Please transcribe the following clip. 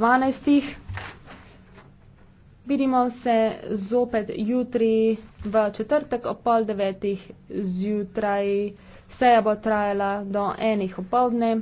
12. Vidimo se zopet jutri v četrtek ob pol devetih zjutraj. Seja bo trajala do enih opoldne.